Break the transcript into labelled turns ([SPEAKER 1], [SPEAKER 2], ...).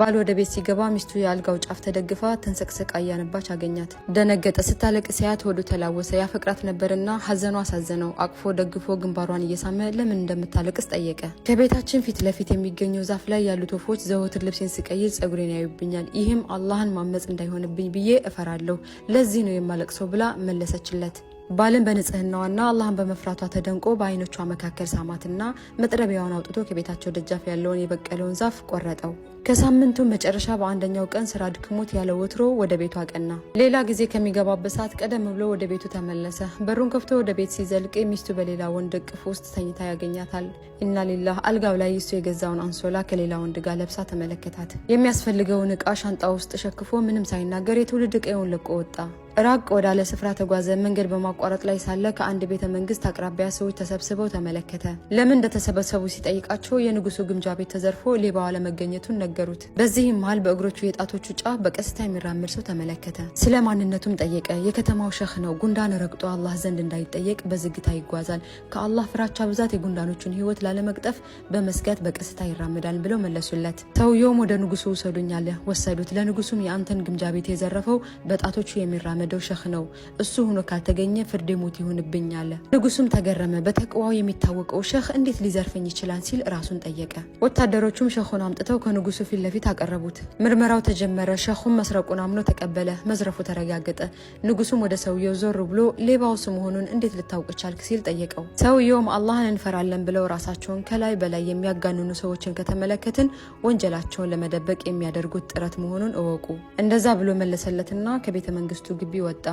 [SPEAKER 1] ባል ወደ ቤት ሲገባ ሚስቱ የአልጋው ጫፍ ተደግፋ ተንሰቅሰቃ እያነባች አገኛት። ደነገጠ። ስታለቅስ ያያት ሆዱ ተላወሰ። ያፈቅራት ነበርና ሐዘኗ አሳዘነው። አቅፎ ደግፎ ግንባሯን እየሳመ ለምን እንደምታለቅስ ጠየቀ። ከቤታችን ፊት ለፊት የሚገኘው ዛፍ ላይ ያሉት ወፎች ዘወትር ልብሴን ስቀይር ጸጉሬን ያዩብኛል፣ ይህም አላህን ማመፅ እንዳይሆንብኝ ብዬ እፈራለሁ። ለዚህ ነው የማለቅሰው ብላ መለሰችለት። ባልን በንጽህናዋና አላህን በመፍራቷ ተደንቆ በአይኖቿ መካከል ሳማትና መጥረቢያውን አውጥቶ ከቤታቸው ደጃፍ ያለውን የበቀለውን ዛፍ ቆረጠው። ከሳምንቱ መጨረሻ በአንደኛው ቀን ስራ ድክሞት ያለ ወትሮ ወደ ቤቱ አቀና። ሌላ ጊዜ ከሚገባበት ሰዓት ቀደም ብሎ ወደ ቤቱ ተመለሰ። በሩን ከፍቶ ወደ ቤት ሲዘልቅ ሚስቱ በሌላ ወንድ እቅፍ ውስጥ ተኝታ ያገኛታል። ኢና ሊላህ። አልጋው ላይ እሱ የገዛውን አንሶላ ከሌላ ወንድ ጋር ለብሳ ተመለከታት። የሚያስፈልገውን ዕቃ ሻንጣ ውስጥ ሸክፎ ምንም ሳይናገር የትውልድ ቀዬውን ለቆ ወጣ። ራቅ ወዳለ ስፍራ ተጓዘ። መንገድ በማቋረጥ ላይ ሳለ ከአንድ ቤተ መንግስት አቅራቢያ ሰዎች ተሰብስበው ተመለከተ። ለምን እንደተሰበሰቡ ሲጠይቃቸው የንጉሱ ግምጃ ቤት ተዘርፎ ሌባው አለመገኘቱን ነገሩት። በዚህም መሃል በእግሮቹ የጣቶቹ ጫፍ በቀስታ የሚራምድ ሰው ተመለከተ። ስለ ማንነቱም ጠየቀ። የከተማው ሸህ ነው። ጉንዳን ረግጦ አላህ ዘንድ እንዳይጠየቅ በዝግታ ይጓዛል። ከአላህ ፍራቻ ብዛት የጉንዳኖቹን ህይወት ላለመቅጠፍ በመስጋት በቀስታ ይራምዳል ብለው መለሱለት። ሰውየውም ወደ ንጉሱ ውሰዱኛለ። ወሰዱት። ለንጉሱም የአንተን ግምጃ ቤት የዘረፈው በጣቶቹ የሚራምድ የተለመደው ሸህ ነው። እሱ ሆኖ ካልተገኘ ፍርዴ ሞት ይሁንብኝ አለ። ንጉሱም ተገረመ። በተቅዋው የሚታወቀው ሸህ እንዴት ሊዘርፈኝ ይችላል ሲል ራሱን ጠየቀ። ወታደሮቹም ሸኹን አምጥተው ከንጉሱ ፊት ለፊት አቀረቡት። ምርመራው ተጀመረ። ሸኹም መስረቁን አምኖ ተቀበለ። መዝረፉ ተረጋገጠ። ንጉሱም ወደ ሰውየው ዞር ብሎ ሌባውስ መሆኑን እንዴት ልታውቅ ቻልክ ሲል ጠየቀው። ሰውየውም አላህን እንፈራለን ብለው ራሳቸውን ከላይ በላይ የሚያጋንኑ ሰዎችን ከተመለከትን ወንጀላቸውን ለመደበቅ የሚያደርጉት ጥረት መሆኑን እወቁ። እንደዛ ብሎ መለሰለትና ከቤተ መንግስቱ ግቢ ወጣ።